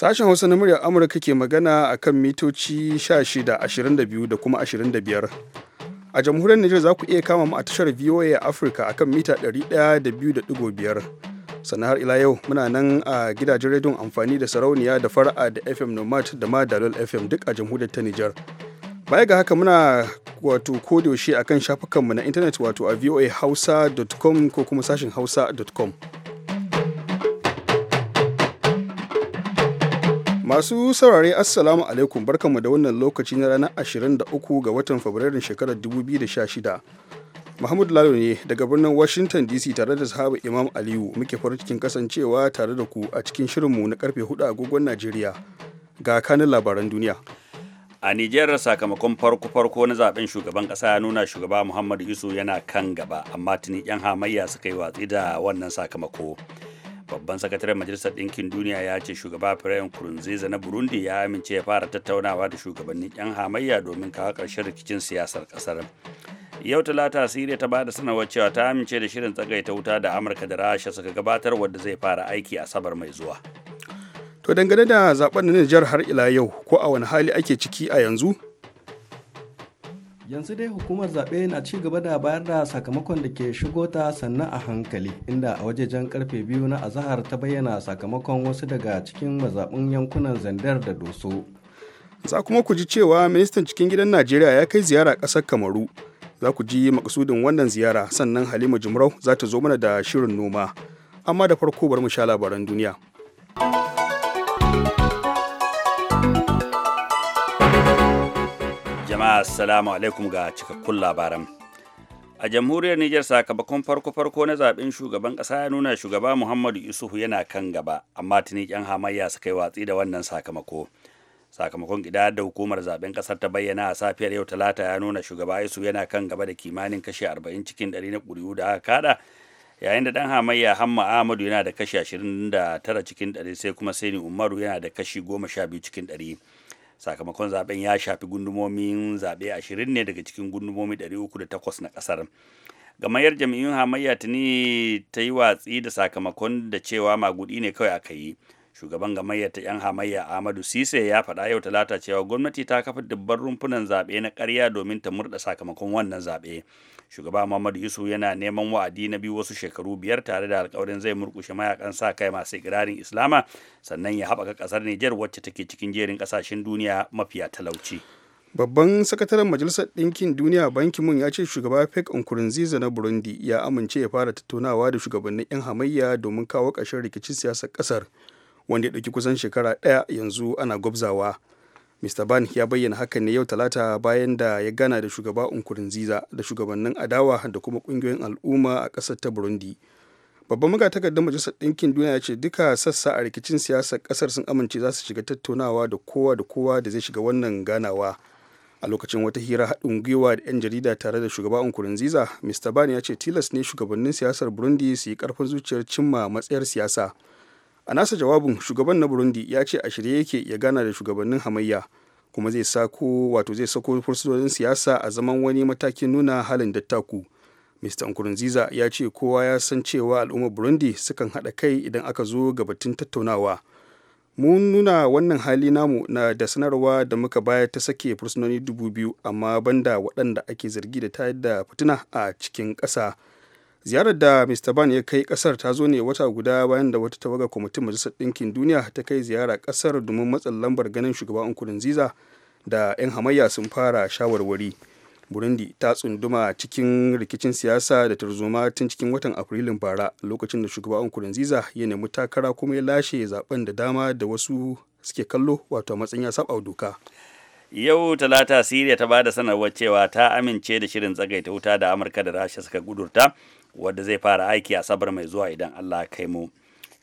Sashen Hausa na muryar Amurka ke magana a kan mitoci 16, 22 da kuma 25. A jamhuriyar Nijar za ku iya kama mu a tashar VOA Africa a kan mita 102.5. Sannan har ila yau muna nan a gidajen rediyon amfani da sarauniya da fara'a da FM Nomad da ma Dalol FM duk a jamhuriyar ta Nijar. Baya ga haka muna wato kodayaushe a kan shafukanmu na intanet wato a voahausa.com ko kuma sashen hausa.com. Masu saurare Assalamu alaikum barkanmu da wannan lokaci na ranar 23 ga watan Fabrairun shekarar 2016. Muhammadu Lalo ne daga birnin Washington DC tare da sahaba Imam Aliyu muke farin cikin kasancewa tare da ku a cikin shirinmu na karfe 4 agogon Najeriya ga kanin labaran duniya. A Nijar sakamakon farko-farko na zaben shugaban kasa ya nuna shugaba Muhammadu Isu yana kan gaba amma tuni 'yan hamayya suka yi watsi da wannan sakamako. babban sakataren majalisar ɗinkin duniya ya ce shugaba firayin kurunziza na burundi ya amince ya fara tattaunawa da shugabannin 'yan hamayya domin kawo ƙarshen rikicin siyasar ƙasar yau talata siriya ta bada sanarwar cewa ta amince da shirin tsagaita wuta da amurka da rasha suka gabatar wadda zai fara aiki a sabar mai zuwa to dangane da zaben na nijar har ila yau ko a wani hali ake ciki a yanzu yanzu dai hukumar zaɓe na ci gaba da bayar da sakamakon da ke shigo ta sannan a hankali inda a wajejen karfe biyu na azahar ta bayyana sakamakon wasu daga cikin mazaɓin yankunan zandar da doso za kuma ku ji cewa ministan cikin gidan najeriya ya kai ziyara ƙasar kamaru za ku ji makasudin wannan ziyara sannan halima jimarau za ta zo mana da shirin noma amma da farko bari mu sha labaran duniya Assalamu alaikum ga cikakkun labaran. A jamhuriyar Nijar sakamakon farko-farko na zaben shugaban ƙasa ya nuna shugaba Muhammadu Yusufu yana kan gaba, amma tuni yan hamayya suka yi watsi da wannan sakamako. Sakamakon gida da hukumar zaben ƙasar ta bayyana a safiyar yau talata ya nuna shugaba Yusuf yana kan gaba da kimanin kashe arba'in cikin 100 na ƙuri'u da aka kada yayin da ɗan hamayya hamma ahmadu yana da kashi tara cikin ɗari sai kuma saini umaru yana da kashi biyu cikin ɗari. sakamakon zaben ya shafi gundumomin zaɓe 20 ne daga cikin gundumomi 308 na ƙasar gamayar jam'iyyun hamayya tuni ta yi watsi da sakamakon da cewa magudi ne kawai aka yi shugaban gamayyar ta 'yan hamayya ahmadu sise ya faɗa yau talata cewa gwamnati ta kafa dubban rumfunan zaɓe na ƙarya domin ta murɗa sakamakon wannan zaɓe shugaba muhammadu yusuf yana neman wa'adi na biyu wasu shekaru biyar tare da alkawarin zai murkushe mayakan sa kai masu ikirarin islama sannan ya haɓaka ƙasar nijar wacce take cikin jerin ƙasashen duniya mafiya talauci babban sakataren majalisar ɗinkin duniya banki mun ya ce shugaba fek nkurunziza na burundi ya amince ya fara tattaunawa da shugabannin 'yan hamayya domin kawo ƙarshen rikicin siyasar ƙasar wanda ya ɗauki kusan shekara ɗaya yanzu ana gwabzawa mr ban ya bayyana hakan ne yau talata bayan da ya gana da shugaba nkurunziza da shugabannin adawa da kuma kungiyoyin al'umma a kasar ta burundi babban magatakardar majalisar ɗinkin duniya ya ce duka sassa a rikicin siyasar kasar sun amince za su shiga tattaunawa da kowa da kowa da zai shiga wannan ganawa a lokacin wata hira haɗin gwiwa da 'yan jarida tare da shugaba nkurunziza mr ban ya ce tilas ne shugabannin siyasar burundi su yi ƙarfin zuciyar cimma matsayar siyasa a nasa jawabin shugaban na burundi ya ce a shirye yake ya gana da shugabannin hamayya kuma zai sako wato zai sako fursunonin siyasa a zaman wani matakin nuna halin dattaku mr nkurunziza ya ce kowa ya san cewa al'ummar burundi sukan haɗa kai idan aka zo ga batun tattaunawa mun nuna wannan hali namu na da sanarwa da muka bayar ta sake fursunoni dubu biyu amma banda waɗanda ake zargi da tayar da fitina a cikin ƙasa ziyarar da mr ban ya kai kasar ta zo ne wata guda bayan da wata tawaga kwamitin majalisar ɗinkin duniya ta kai ziyara kasar domin matsin lambar ganin shugaban nkurunziza da 'yan hamayya sun fara shawarwari burundi ta tsunduma cikin rikicin siyasa da tarzoma tun cikin watan afrilun bara lokacin da shugaban nkurunziza ya nemi takara kuma ya lashe zaben da dama da wasu suke kallo wato matsayin ya saba doka yau talata siriya ta bada sanarwar cewa ta amince da shirin tsagaita wuta da amurka da rasha suka gudurta wadda zai fara aiki a sabar mai zuwa idan Allah kai mu.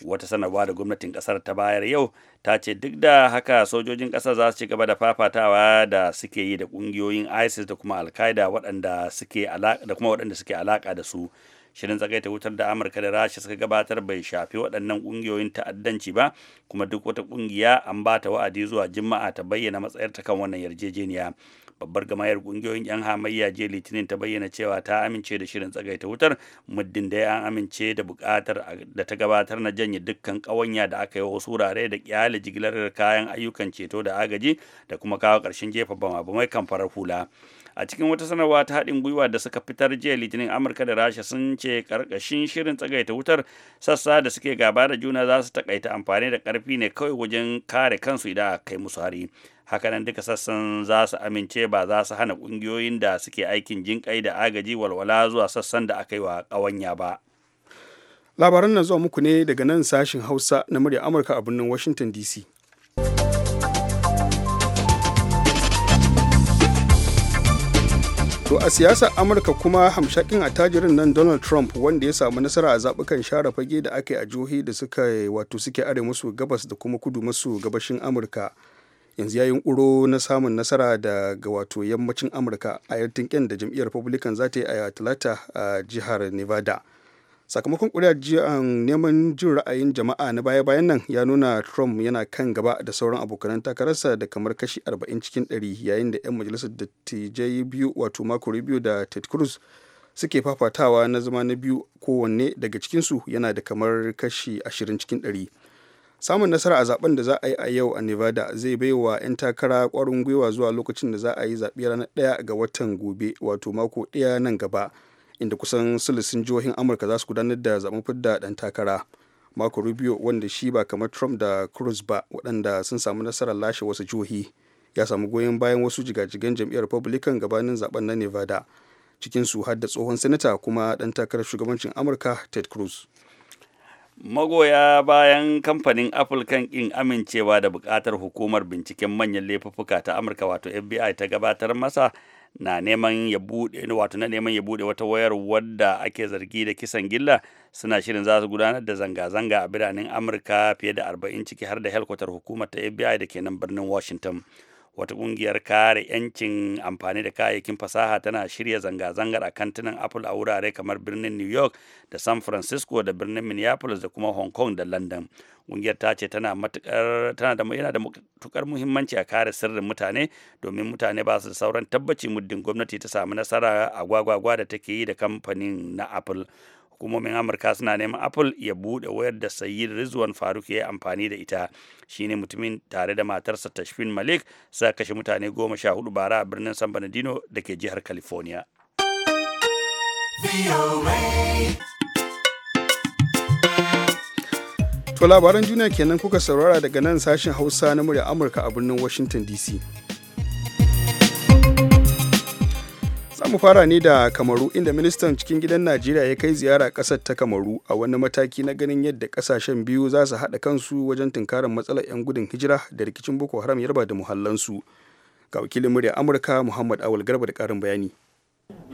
Wata sanarwa da gwamnatin kasar ta bayar yau ta ce duk da haka sojojin kasar za su ci gaba da fafatawa da suke yi da kungiyoyin ISIS da kuma al waɗanda suke da kuma waɗanda suke alaka da su. shirin tsagaita wutar da amurka da rasha suka gabatar bai shafi waɗannan ƙungiyoyin ta'addanci ba kuma duk wata ƙungiya an ba ta wa'adi zuwa juma'a ta bayyana matsayarta kan wannan yarjejeniya babbar gamayar kungiyoyin yan hamayya jiya litinin ta bayyana cewa ta amince da shirin tsagaita wutar muddin da an amince da bukatar da ta gabatar na janye dukkan kawanya da aka yi wasu wurare da kyale jigilar kayan ayyukan ceto da agaji da kuma kawo karshen jefa bama-bamai kan farar hula a cikin wata sanarwa ta haɗin gwiwa da suka fitar jiya litinin amurka da rasha sun ce karkashin shirin tsagaita wutar sassa da suke gaba da juna za su takaita amfani da karfi ne kawai wajen kare kansu idan a kai musu hari hakanan duka sassan za su amince ba za su hana kungiyoyin da suke aikin jinƙai da agaji walwala zuwa sassan da aka yi wa ƙawanya ba labaran na zuwa muku ne daga nan sashin hausa na murya amurka a birnin washington dc To a siyasar Amurka kuma hamshakin attajirin nan Donald Trump wanda ya samu nasara a zaɓukan share fage da aka yi a jihohi da suka wato suke are musu gabas da kuma kudu maso gabashin Amurka yanzu ya yunkuro na samun nasara daga wato yammacin amurka a yartinkin da jam'iyyar republican za ta yi a talata a jihar nevada sakamakon kudajian jiyan neman jin ra'ayin jama'a na baya-bayan nan ya nuna trump yana kan gaba da sauran abokanan takararsa da kamar kashi 40 cikin 100 yayin da 'yan majalisar dattijai biyu wato mako biyu da ted cruz suke fafatawa na zama na biyu kowanne daga cikinsu yana da kamar kashi 20 cikin 100 samun nasara a zaben da za a yi a yau a nevada zai bai wa 'yan takara kwarin gwiwa zuwa lokacin da za a yi zaɓe ranar ɗaya ga watan gobe wato mako ɗaya nan gaba inda kusan sulusin jihohin amurka za su gudanar da zaben fidda ɗan takara marco rubio wanda shi ba kamar trump da cruz ba waɗanda sun samu nasarar lashe wasu jihohi ya samu goyon bayan wasu jigajigan jam'iyyar republican gabanin zaben na nevada cikinsu har da tsohon sanata kuma ɗan takarar shugabancin amurka ted cruz magoya bayan kamfanin apple kan ƙin amincewa da bukatar hukumar binciken manyan laifuffuka ta amurka wato fbi ta gabatar masa na neman ya bude wato na neman ya bude wata wayar wadda ake zargi da kisan gilla suna shirin za su gudanar da zanga-zanga a biranen amurka fiye da 40 ciki har da helkwatar hukumar ta fbi da ke nan birnin washington wata kungiyar kare 'yancin amfani da kayayyakin fasaha tana shirya zanga-zangar a kantinan apple a wurare kamar birnin new york da san francisco da birnin minneapolis da kuma hong kong da london kungiyar ta ce tana da yana da matukar muhimmanci a kare sirrin mutane domin mutane ba su da sauran tabbaci muddin gwamnati ta samu nasara a gwagwagwa da take yi da kamfanin na apple hukumomin amurka suna neman apple ya bude wayar da sayyid rizwan faruk ya yi amfani da ita shine mutumin tare da matarsa tashfin malik sa kashe mutane goma sha hudu bara a birnin san bernardino da ke jihar california To labaran duniya kenan kuka saurara daga nan sashen Hausa na murya Amurka a birnin Washington DC. mu fara ne da kamaru inda ministan cikin gidan najeriya ya kai ziyara kasar ta kamaru a wani mataki na ganin yadda kasashen biyu za su haɗa kansu wajen tunkarar matsalar 'yan gudun hijira da rikicin boko haram yarba da muhallansu ga wakilin murya amurka muhammad awal garba da ƙarin bayani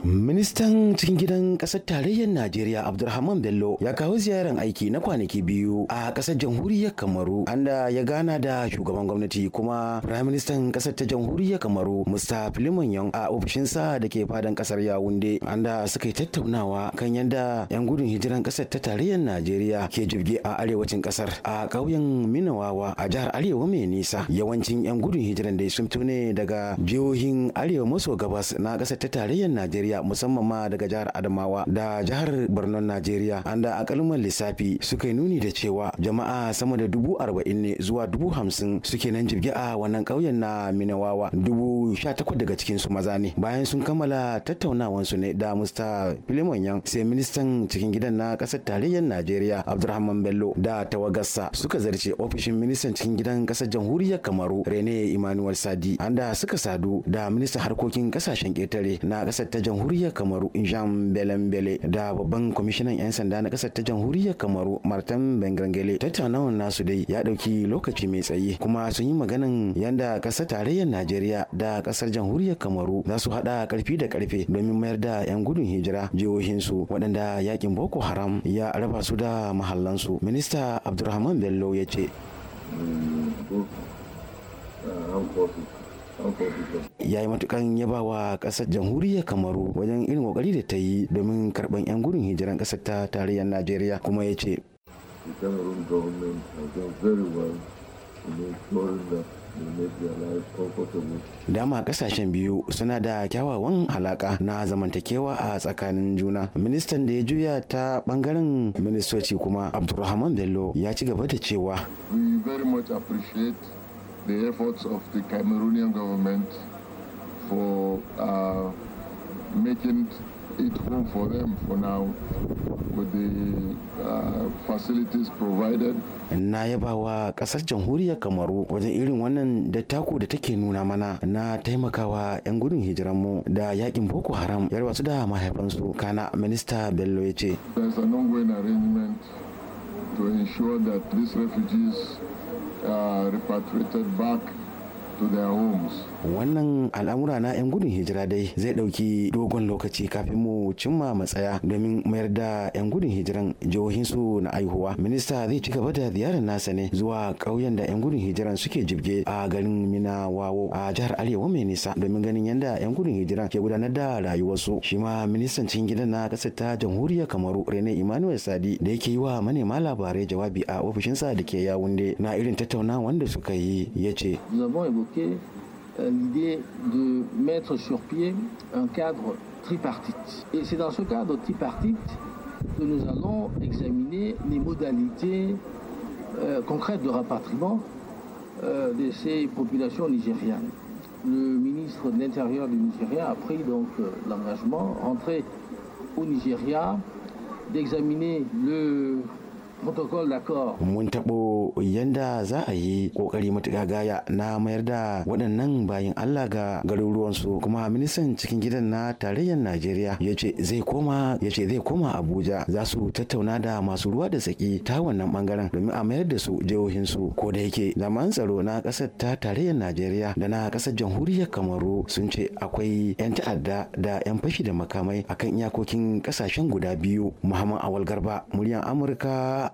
Ministan cikin gidan ƙasar tarayyar Najeriya Abdulrahman Bello ya kawo ziyarar aiki na kwanaki biyu a ƙasar jamhuriyar Kamaru anda ya gana da shugaban gwamnati kuma Prime Minister ƙasar ta jamhuriyar Kamaru musta Filimon Yong a ofishinsa da ke fadan ƙasar yawunde anda suka yi tattaunawa kan yadda 'yan gudun hijiran ƙasar ta tarayyar Najeriya ke jirge a arewacin ƙasar a ƙauyen Minawawa a jihar Arewa mai nisa yawancin 'yan gudun hijiran da sun daga jihohin Arewa maso gabas na ƙasar ta tarayyar Najeriya najeriya musamman ma daga jihar adamawa da jihar birnin najeriya an da akalman lissafi suka yi nuni da cewa jama'a sama da dubu arba'in ne zuwa dubu hamsin suke nan jirgi a wannan ƙauyen na minawawa dubu sha takwas daga cikin su maza ne bayan sun kammala tattaunawan su ne da musta filimon yan sai ministan cikin gidan na ƙasar tarayyar najeriya abdulrahman bello da tawagarsa suka zarce ofishin ministan cikin gidan ƙasar jamhuriyar kamaru rene emmanuel sadi an da suka sadu da ministan harkokin kasashen ƙetare na ƙasar ta jamhuriyar kamaru jean belembele da babban kwamishinan 'yan sanda na kasar ta jamhuriyar kamaru martin bengrangele Tattaunawa nasu dai ya ɗauki lokaci mai tsayi kuma sun yi maganin yanda kasar tarayyar najeriya da kasar jamhuriyar kamaru za su haɗa karfi da karfe domin mayar da 'yan gudun hijira jihohinsu waɗanda yakin boko haram ya raba su da mahallansu minista abdulrahman bello ya ce hmm, Yayi yi matukan yaba wa kasar jamhuriyar kamaru wajen irin kokari da ta yi domin karban 'yan gudun hijiran kasar ta tarayyar najeriya kuma ya ce dama kasashen biyu suna da kyawawan alaka na zamantakewa a tsakanin juna ministan da ya juya ta bangaren ministoci kuma abdulrahman bello ya ci gaba da cewa we very much appreciate the efforts of the Cameroonian government for uh, making it home for them for now with the uh, facilities provided. Na yaba wa kasar jamhuriyar Kamaru wajen irin wannan da tako da take nuna mana na taimakawa 'yan gudun hijiran mu da yakin Boko Haram yar su da mahaifansu kana minista Bello ya ce. There is an ongoing arrangement to ensure that these refugees Uh, repatriated back Wannan al'amura na 'yan gudun hijira dai zai ɗauki dogon lokaci kafin mu cimma matsaya domin mayar da 'yan gudun hijiran jihohin su na aihuwa. Minista zai ci gaba da ziyarar nasa ne zuwa ƙauyen da 'yan gudun hijiran suke jibge a garin Minawawo a jihar Arewa mai nisa domin ganin yadda 'yan gudun hijiran ke gudanar da rayuwarsu. Shi ma ministan cikin gidan na ƙasar ta jamhuriyar Kamaru Rene Emmanuel Sadi da yake yi wa manema labarai jawabi a ofishinsa da ke Yawunde na irin tattaunawa wanda suka yi ya ce. Euh, l'idée de mettre sur pied un cadre tripartite. Et c'est dans ce cadre tripartite que nous allons examiner les modalités euh, concrètes de rapatriement euh, de ces populations nigérianes. Le ministre de l'Intérieur du Nigeria a pris donc l'engagement, rentré au Nigeria, d'examiner le mun taɓo yanda za a yi ƙoƙari matuƙa gaya na mayar da waɗannan bayan Allah ga garuruwansu kuma ministan cikin gidan na tarayyar Najeriya ya ce zai koma ya ce zai koma Abuja za su tattauna da masu ruwa da saki ta wannan bangaren domin a mayar da su su ko da yake zaman tsaro na ƙasar ta tarayyar Najeriya da na ƙasar jamhuriyar Kamaru sun ce akwai 'yan ta'adda da 'yan fashi da makamai akan iyakokin ƙasashen guda biyu Muhammad Awal Garba muryan Amurka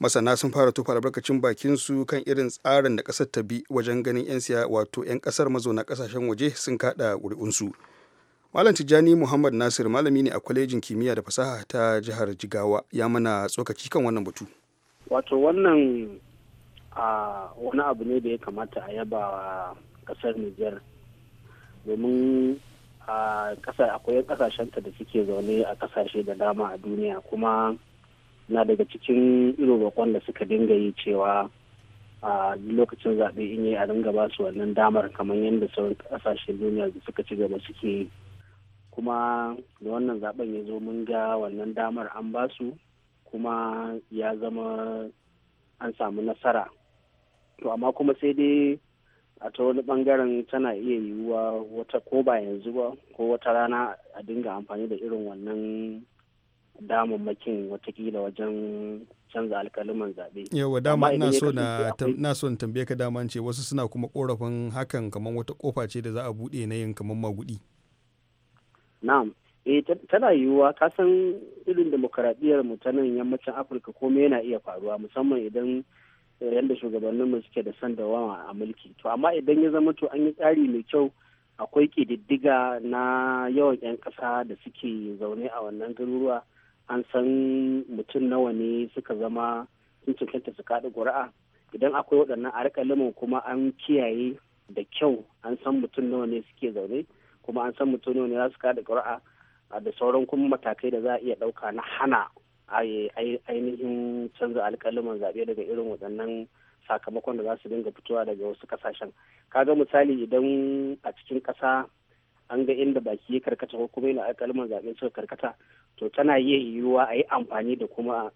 masana sun fara tufa albarkacin bakin su kan irin tsarin da kasar ta bi wajen ganin 'yan siya wato 'yan kasar mazauna kasashen waje sun kada ƙuri'unsu malam tijjani muhammad nasir malami ne a kwalejin kimiyya da fasaha ta jihar jigawa ya mana tsokaci kan wannan batu wato wannan wani abu ne da ya kamata a yaba kasar niger domin a kasashen ta da suke zaune a kasashe da dama a duniya kuma na daga cikin irin roƙon da suka dinga yi cewa a lokacin zaɓe in yi a dinga ba su wannan damar kamar yadda sauran ƙasashen duniya da suka ci gaba suke yi kuma da wannan zaɓen ya zo mun ga wannan damar an ba su kuma ya zama an samu nasara to amma kuma sai dai a ta wani bangaren tana iya yiwuwa wata ko ba yanzu ba ko wata rana a dinga amfani da irin wannan damammakin watakila wajen canza alkaliman zaɓe. Yawa dama ina so na so na tambaye ka dama ce wasu suna kuma korafin hakan kamar wata kofa ce da za a buɗe na yin kamar magudi. Na'am, eh tana yiwuwa ka san irin demokaradiyyar mu ta yammacin Afirka komai yana iya faruwa musamman idan eh, yadda shugabannin mu suke da san dawama a mulki. To amma idan ya zama to an yi tsari mai kyau akwai ƙididdiga na yawan 'yan ƙasa da suke zaune a wannan garuruwa. an san mutum nawa ne suka zama sun cancanta su kaɗi ƙuri'a idan akwai waɗannan a kuma an kiyaye da kyau an san mutum nawa ne suke zaune kuma an san mutum nawa ne za su kaɗi ƙuri'a da sauran kuma matakai da za a iya ɗauka na hana ainihin canza alƙaliman zaɓe daga irin waɗannan sakamakon da za su dinga fitowa daga wasu ƙasashen kaga misali idan a cikin ƙasa an ga inda baki ya karkata ko kuma yana alƙalman zaɓe suka karkata to tana iya yiwuwa a yi amfani da kuma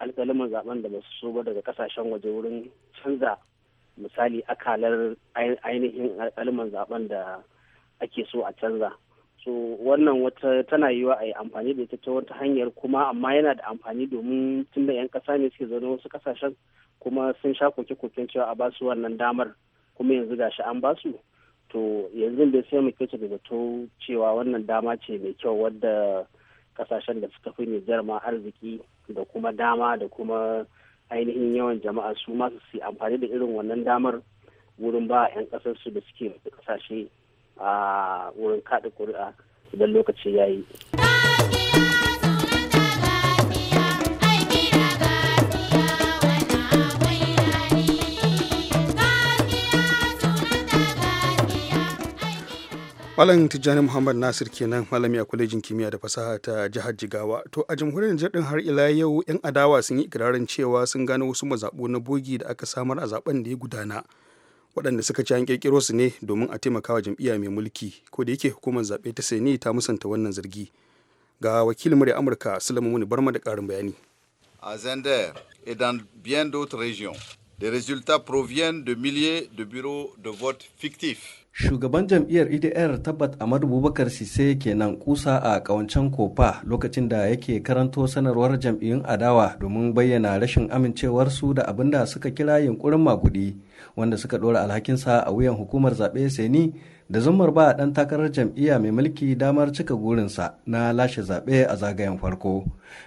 alƙalman zaɓen da ba su so ba daga kasashen waje wurin canza misali akalar ainihin alƙalman zaɓen da ake so a canza so wannan wata tana yiwa a yi amfani da ita ta wata hanyar kuma amma yana da amfani domin tun da 'yan kasa ne suke zaune wasu kasashen kuma sun sha koke-koken cewa a basu wannan damar kuma yanzu gashi an basu to yanzu da sai mu kyauta da zato cewa wannan dama ce mai kyau wadda kasashen da suka fi nijar ma arziki da kuma dama da kuma ainihin yawan jama'a su masu su amfani da irin wannan damar wurin ba 'yan ƙasarsu da suke kasashe a wurin kaɗa ƙuri'a idan lokaci ya yi. Malam Tijjani Muhammad Nasir kenan malami a kwalejin kimiyya da fasaha ta jihar Jigawa. To a jamhuriyar Nijar din har ila yau 'yan adawa sun yi ikirarin cewa sun gano wasu mazaɓu na bogi da aka samar a zaben da ya gudana. Waɗanda suka ci an ƙirƙiro su ne domin a taimaka wa jam'iyya mai mulki ko da yake hukumar zaɓe ta Seni ta musanta wannan zargi. Ga wakilin murya Amurka Sulaiman Muni Barma da ƙarin bayani. A Zander et dans bien d'autres régions, les résultats proviennent de milliers de bureaux de vote fictifs. shugaban jam'iyyar idr e tabbat amadu bubakar sise kenan kusa a kawancen kofa lokacin da yake karanto sanarwar jam'iyyun adawa domin bayyana rashin amincewarsu da abin da suka kira yunkurin makudi wanda suka dora alhakinsa a wuyan hukumar zaɓe seni da zumar ba dan takarar jam'iyya mai mulki damar cika gurinsa na lashe zaɓe a zagayen farko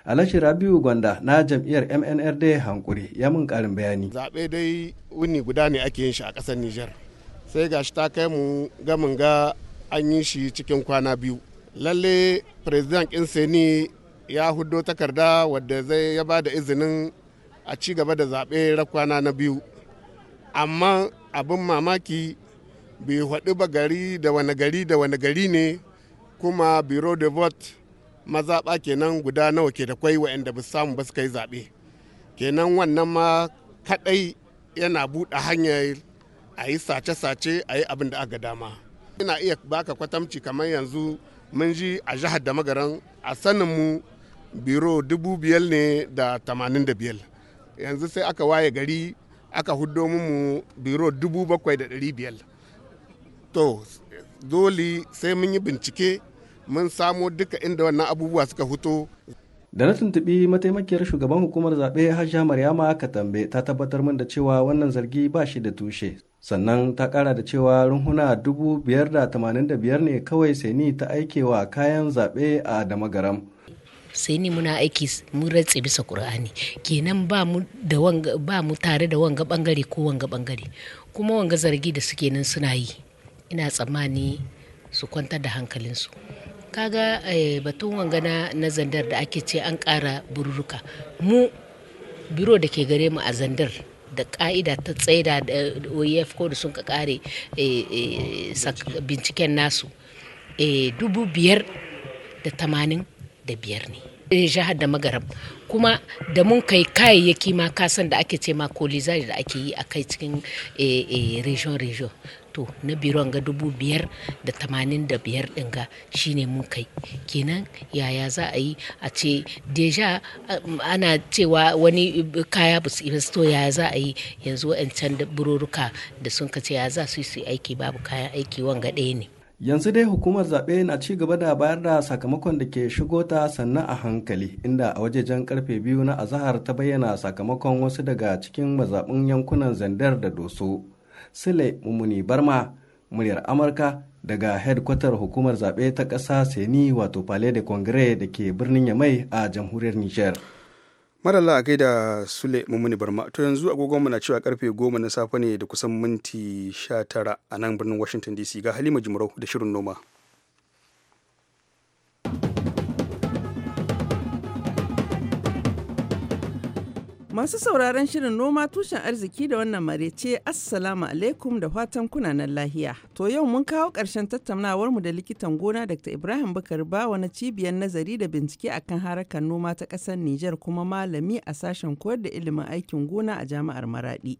alashi rabiu gwanda na jam'iyyar mnrd hankuri ya mun karin bayani zaɓe dai wuni guda ne ake yin shi a ƙasar nijar sai ga shi ta kai mu gamin ga an yi shi cikin kwana biyu lalle president seni ya hudo takarda wadda zai ya ba da izinin a ci gaba da zaɓe rakwana na biyu amma abin mamaki bai haɗu ba gari da wani gari da wani gari ne kuma biro de vote mazaɓa kenan guda nawa ke da kwai wa'anda ba samu ba su kai zaɓe kenan wannan ma kaɗai yana buɗe hanyar a yi sace-sace a yi abin da aka dama ina iya baka kwatamci kamar yanzu mun ji a jihar da magaran a sanin mu biro dubu biyar ne da tamanin da biyar yanzu sai aka waye gari aka huddo mu biro dubu bakwai da dari biyar to dole sai mun yi bincike mun samo duka inda wannan abubuwa suka huto da na tuntubi mataimakiyar shugaban hukumar zaɓe hajja maryama katambe ta tabbatar min da cewa wannan zargi ba shi da tushe sannan ta kara da cewa runhuna 585 ne kawai seni ta aikewa kayan zaɓe a damagaram sai ni muna aiki mun rantse bisa ƙur'ani kenan ba mu tare da wanga bangare ko wanga bangare kuma wanga zargi da suke nan suna yi ina tsammani su kwantar da hankalinsu kaga eh, batun wanga na, na zandar da ake ce an ƙara bururuka mu biro da ke gare mu a zandar da ka'ida ta tsaida da oef ko da sun ka kare eh, eh, binciken nasu eh, dubu biyar da tamanin da biyar ne jihar da magaram kuma da mun kai kayayyaki ma kasan da ake ce ma kolizari da ake yi a kai cikin region region to na biron ga dubu biyar da tamanin da biyar din ga shine mun kai kenan yaya za a yi a ce deja ana cewa wani kaya ba su to yaya za a yi yanzu wa'ancan bururuka da sun ka ce ya za su yi aiki babu kayan aiki wanga ɗaya ne yanzu dai hukumar zaɓe na ci gaba da bayar da sakamakon da ke shigo ta sannan a hankali inda a wajejen karfe biyu na azahar ta bayyana sakamakon wasu daga cikin mazaɓin yankunan zandar da doso Sule Mumuni Barma, muryar Amurka daga hedkwatar hukumar zaɓe ta ƙasa Seni wato Palais de Congrès da ke birnin Yamai a jamhuriyar Nijar. Madalla a da Sule Mumuni Barma, to yanzu agogon mu na cewa karfe goma na safe ne da kusan minti 19 a nan birnin Washington DC ga Halima jimrau da shirin noma. Masu sauraron shirin noma tushen arziki da wannan marece Assalamu alaikum da fatan kunanan lahiya. To yau mun kawo ƙarshen tattaunawar mu da likitan gona Dr. Ibrahim Bukar bawa na cibiyar nazari da bincike akan harkar noma ta ƙasar Nijar kuma malami a sashen koyar da ilimin aikin gona a jami'ar Maradi.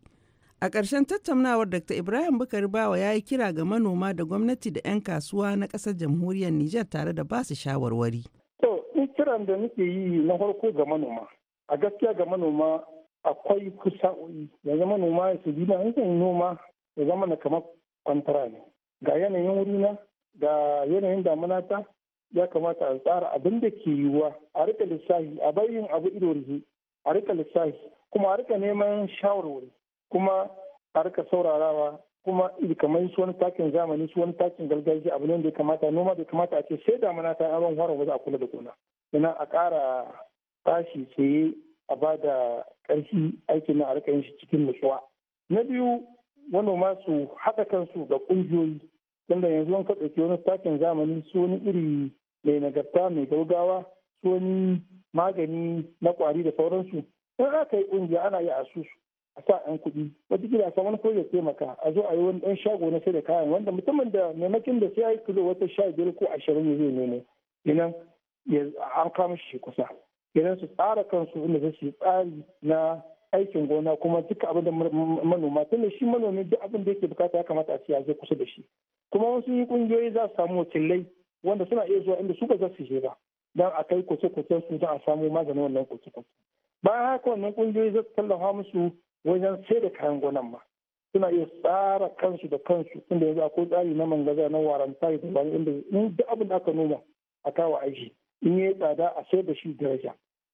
A ƙarshen tattaunawar Dr. Ibrahim Bukar Bawa ya yi kira ga manoma da gwamnati da 'yan kasuwa na ƙasar jamhuriyar Nijar tare da basu shawarwari. To, kiran da nake yi na farko ga manoma. a gaskiya ga manoma akwai kusa'o'i yanzu manoma su bi na yin noma ya zama na kamar kwantara ne ga yanayin wurina ga yanayin damuna ta ya kamata a tsara abin da ke yiwuwa a rika lissafi a bayin abu ido rufe a rika lissafi kuma a rika neman shawarwari kuma a rika saurarawa kuma kamar su wani takin zamani su wani takin gargajiya abu ne da ya kamata noma da kamata a ce sai damuna ta yi horo ba a kula da gona ina a ƙara tashi tsaye a ba da ƙarfi aikin na harkar shi cikin nutsuwa. Na biyu manoma su haɗa kansu da ƙungiyoyi inda yanzu an ka ɗauki wani takin zamani su wani iri mai nagarta mai gaugawa su wani magani na ƙwari da sauransu. In aka yi ƙungiya ana yi asusu a sa ɗan kuɗi gida a wani ko ya taimaka a zo a yi wani ɗan shago na sai da kayan wanda mutumin da maimakin da sai ya yi kilo wata sha biyar ko ashirin ya zai nemo. Inan an kama shi kusa. idan su tsara kansu inda za su yi tsari na aikin gona kuma duka abin da manoma tunda shi manomi duk abin da yake bukata ya kamata a siya zai kusa da shi kuma wasu yi kungiyoyi za su samu wakilai wanda suna iya zuwa inda su ba za su je ba don a kai kwace-kwacen su don a samu maganin wannan kwace-kwace bayan haka wannan kungiyoyi za su tallafa musu wajen sai da kayan gonan ma suna iya tsara kansu da kansu inda yanzu akwai tsari na mangaza na waranta da wani inda duk abin da aka noma a kawo aji in yi tsada a sai da shi daraja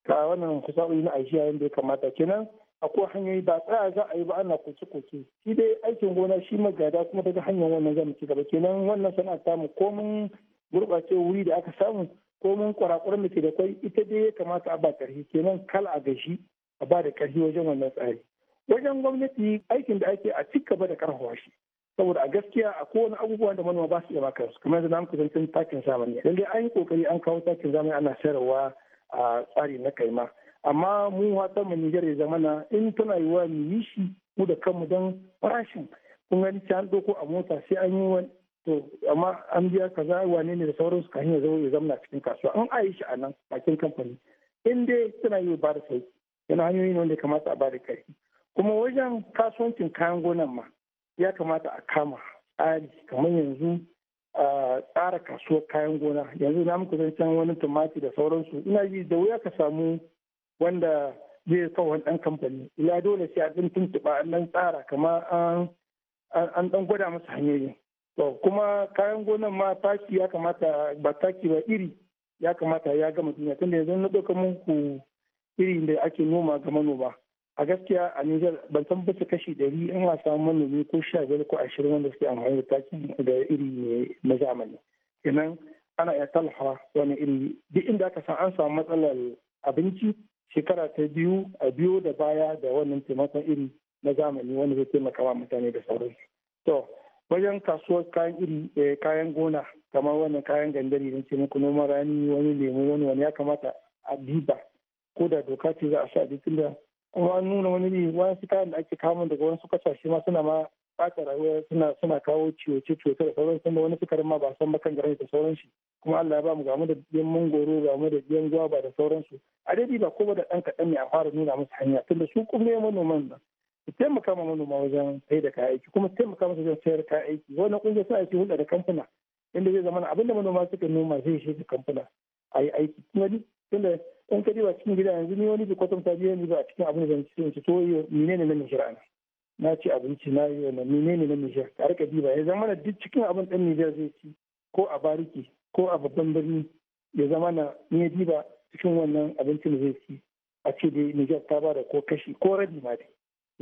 ga wannan kusa'o'i na ajiya yadda ya kamata kenan akwai hanyoyi ba tsaya za a yi ba ana kuce-kuce shi dai aikin gona shi magada kuma daga hanyar wannan zamu ci gaba kenan wannan sana'a samu komin gurɓace wuri da aka samu komin kurakuran da ke da kwai ita dai ya kamata a ba ƙarfi kenan kal a gashi a ba da ƙarfi wajen wannan tsari wajen gwamnati aikin da ake a ci ba da karfafa shi saboda a gaskiya a kowane abubuwan da manoma ba su iya ba kansu kamar yadda na muku zancen takin zamani dai an yi kokari an kawo takin zamani ana sayarwa a tsari na kaima amma mu wata mu Nijar ya zama na in tana yiwuwa mu yi shi mu da kanmu don farashin kun gani ta doko a mota sai an yi wani to amma an biya kaza wane ne da sauransu kan hanyar zama ya zamana cikin kasuwa an a yi shi a nan bakin kamfani in dai tana yi ba da sauki yana hanyoyi ne wanda ya kamata a ba da kai kuma wajen kasuwancin kayan gonan ma ya kamata a kama tsari kamar yanzu tsara kasuwar kayan gona yanzu na muku zancen wani tumati da sauransu ina ji da wuya ka samu wanda zai kawo ɗan kamfani ila dole sai a ɗin tuntuɓa an ɗan tsara kama an ɗan gwada masa hanyoyi to kuma kayan gonan ma taki ya kamata ba taki ba iri ya kamata ya gama duniya tunda yanzu na ɗauka muku iri da ake noma ga manoma a gaskiya a Nijar ban san bisa kashi ɗari yan a samu manomi ko sha biyar ko ashirin wanda suke amfani da takin da iri na zamani kenan ana iya talha wani iri duk inda aka san an samu matsalar abinci shekara ta biyu a biyo da baya da wannan taimakon iri na zamani wanda zai taimaka wa mutane da sauran. to wajen kasuwar kayan iri eh, kayan gona kamar wannan kayan gandari don ce muku noman rani wani lemu wani wani ya kamata a diba ko da doka ce za a sa duk inda kuma an nuna wani bi su kayan da ake kawo daga wasu kasashe ma suna ma ɓata rayuwa suna suna kawo ciwoce ciwoce da sauran sun wani sukarin ma ba san bakan garin da sauran shi kuma Allah ya ba mu gamu da biyan mangoro gamu da biyan gwaba da sauransu a dai ba ko da ɗan kaɗan ne a fara nuna musu hanya tunda su kuma manoman nan su taimaka ma manoma wajen sai da kayan aiki kuma su taimaka musu wajen sayar kayan aiki wannan ƙungiyar suna aiki hulɗa da kamfuna inda zai zama abinda manoma suka noma zai shi da kamfuna a yi aiki kuma tunda in ka ba cikin gida yanzu ni wani bi kwatanta biyu ni ba cikin abin da zan cikin to ne na mishra ne na ci abinci na yi mine ne na Nijar a rika diba ya zama na duk cikin abin ɗan Nijar zai ci ko a bariki ko a babban birni ya zama na ya diba cikin wannan abincin zai ci a ce dai Nijar ta ba da ko kashi ko rabi ma dai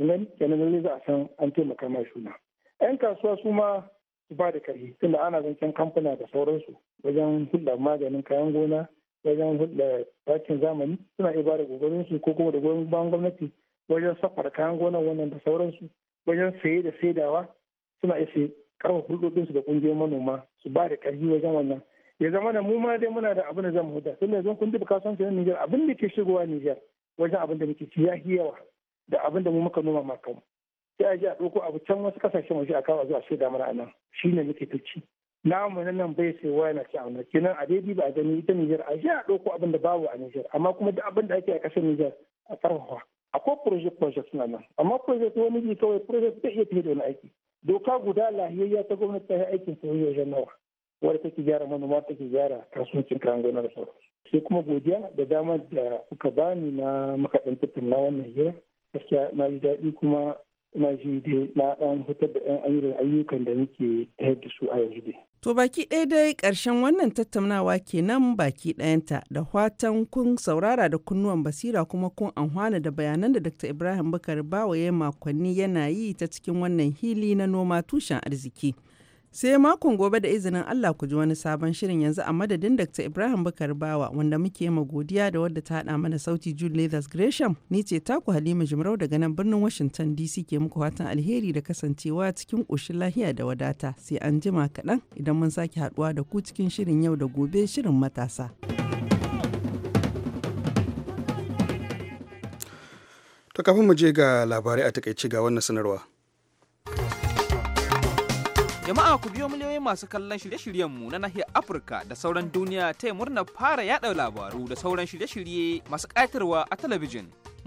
nan kenan ne za a san an taimaka ma shuna yan kasuwa su ma su ba da karfi tunda ana zancen kamfuna da sauransu wajen hulɗar maganin kayan gona wajen hulɗa ɗakin zamani suna iya bada ƙoƙarin su ko kuma da goyon bayan gwamnati wajen safara kayan gonan wannan da sauransu wajen saye da saidawa suna iya sai ƙarfafa hulɗoɗinsu da ƙungiyoyin manoma su ba da ƙarfi wajen wannan ya zama da mu ma dai muna da abin da zamu huta tun da kun duba kasuwanci na Nijar abin da ke shigowa Nijar wajen abin da muke ci ya yawa da abin da mu muka noma ma kanmu sai a je a ɗauko abu can wasu ƙasashen waje a kawo zuwa shaida mana a nan shi ne muke ta namu na nan bai sai waya na ci auna kenan a daidai ba a gani ita Nijar a a ɗauko abin da babu a Nijar amma kuma duk abin da ake a ƙasar Nijar a ƙarfafa akwai project project na nan amma project wani ne kawai project zai iya fiye da wani aiki doka guda lahiyayya ta gwamnati ta yi aikin sauyi wajen nawa wadda take gyara manoma take gyara kasuwancin kayan gona da sauransu sai kuma godiya da damar da kuka bani na makaɗan na wannan hira gaskiya na ji daɗi kuma na ji dai na ɗan fitar da ɗan ayyukan da nake tayar da su a yanzu dai To baki ɗaya dai ƙarshen wannan tattaunawa kenan baki ɗayanta da fatan kun saurara da kunnuwan basira kuma kun anhwana da bayanan da Dr. Ibrahim bakar Bawa ya makonni yana yi ta cikin wannan hili na noma tushen arziki. sai makon gobe da izinin Allah ku ji wani sabon shirin yanzu a madadin Dr. Ibrahim Bukar Bawa wanda muke ma godiya da wadda ta haɗa mana sauti Jude Leathers Gresham ni ce taku Halima Jimrau daga nan birnin Washington DC ke muku fatan alheri da kasancewa cikin ƙoshin lahiya da wadata sai an jima kaɗan idan mun sake haɗuwa da ku cikin shirin yau da gobe shirin matasa. To kafin mu je ga labarai a takaici ga wannan sanarwa. Jama'a ku biyo miliyoyin masu kallon shirye-shiryenmu na nahiyar Afirka da sauran duniya ta yi murnar fara yada labaru da sauran shirye-shirye masu ƙayatarwa a talabijin.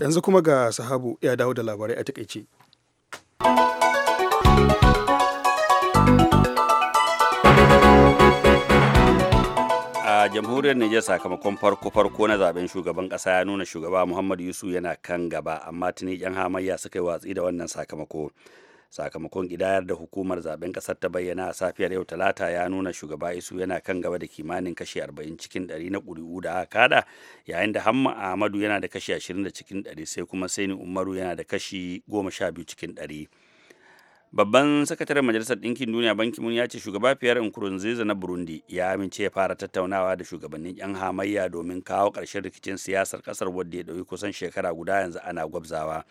yanzu kuma ga sahabu ya dawo da labarai a takaice a jamhuriyar Nijar sakamakon farko-farko na zaben shugaban kasa ya nuna shugaba Muhammadu Yusuf yana kan gaba amma tuni yan hamayya suka yi watsi da wannan sakamako. sakamakon ƙidayar da hukumar zaben kasar ta bayyana a safiyar yau talata ya nuna shugaba isu yana kan gaba da kimanin kashi 40 cikin 100 na kuri'u da aka kada yayin da hamma ahmadu yana da kashi 20 cikin 100 sai kuma saini umaru yana da kashi 12 cikin 100 babban sakataren majalisar ɗinkin duniya banki mun ya ce shugaba fiyar nkurunziza na burundi ya amince ya fara tattaunawa da shugabannin yan hamayya domin kawo ƙarshen rikicin siyasar ƙasar wadda ya ɗauki kusan shekara guda yanzu ana gwabzawa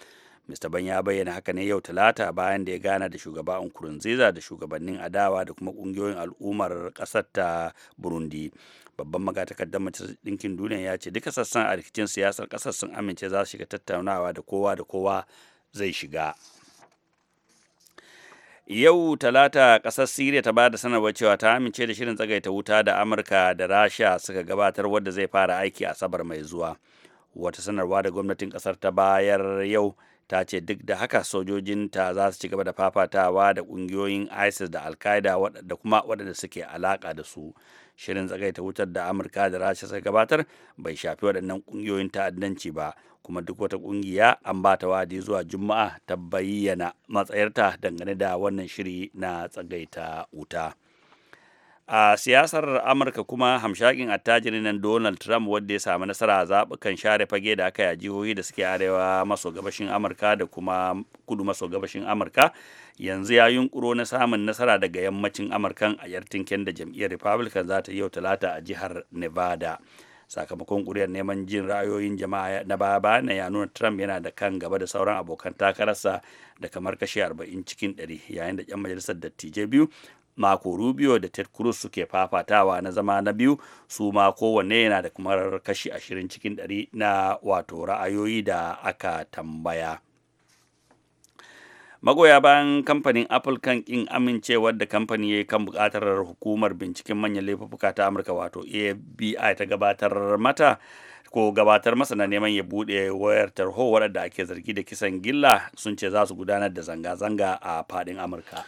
Mr. Ban ya bayyana haka ne yau Talata bayan da ya gana da shugaba Nkurunziza da shugabannin adawa da kuma kungiyoyin al'ummar ƙasar ta Burundi. Babban magatakardar mace Ɗinkin Duniya ya ce duka sassan a rikicin siyasar ƙasar sun amince za su shiga tattaunawa da kowa da kowa zai shiga. yau talata ƙasar siriya ta bada sanarwar cewa ta amince da shirin tsagaita wuta da amurka da rasha suka gabatar wadda zai fara aiki a sabar mai zuwa wata sanarwa da gwamnatin ƙasar ta bayar yau ta ce duk da haka sojojinta za su ci gaba da fafatawa da ƙungiyoyin isis da al da kuma waɗanda suke alaƙa da su shirin tsagaita wutar da amurka da rasha suka gabatar bai shafi waɗannan ƙungiyoyin ta'addanci ba kuma duk wata ƙungiya an ba ta wadi zuwa juma'a ta bayyana matsayarta dangane da wannan shiri na tsagaita wuta. a siyasar amurka kuma hamshakin attajirin nan donald trump wadda ya samu nasara a zaɓukan share fage da aka yi a jihohi da suke arewa maso gabashin amurka da kuma kudu maso gabashin amurka yanzu ya yunkuro na samun nasara daga yammacin amurkan a yartinken da jam'iyyar republican za ta yau talata a jihar nevada sakamakon ƙuri'ar neman jin ra'ayoyin jama'a na baya na ya nuna trump yana da kan gaba da sauran abokan takararsa da kamar kashe 40 cikin 100 yayin da 'yan majalisar dattijai biyu mako rubio da ted cruz suke fafatawa na zama na biyu su ma kowanne yana da kamar kashi ashirin cikin ɗari na wato ra'ayoyi da aka tambaya magoya bayan kamfanin apple kan kin amincewar da kamfani ya yi kan bukatar hukumar binciken manyan laifuka ta amurka wato abi ta gabatar mata ko gabatar masa na neman ya bude wayar tarho waɗanda ake zargi da kisan gilla sun ce za su gudanar da zanga-zanga a faɗin amurka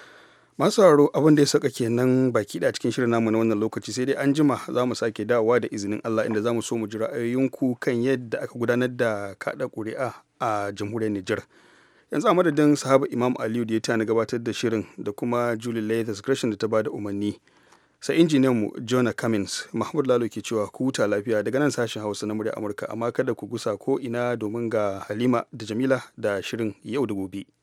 masu sauraro abin da ya saka kenan baki da cikin shirin namu na wannan lokaci sai dai an jima za mu sake dawowa da izinin Allah inda za mu so mu ji ra'ayoyinku kan yadda aka gudanar da kada ƙuri'a a jamhuriyar Nijar. Yanzu a madadin sahaba Imam Aliyu da ya tana gabatar da shirin da kuma Julie Lathis Gresham da ta bada umarni. Sai injiniyan mu Jonah Cummins, Mahmud Lalo ke cewa ku huta lafiya daga nan sashen Hausa na murya Amurka amma kada ku gusa ko ina domin ga Halima da Jamila da shirin yau da gobe.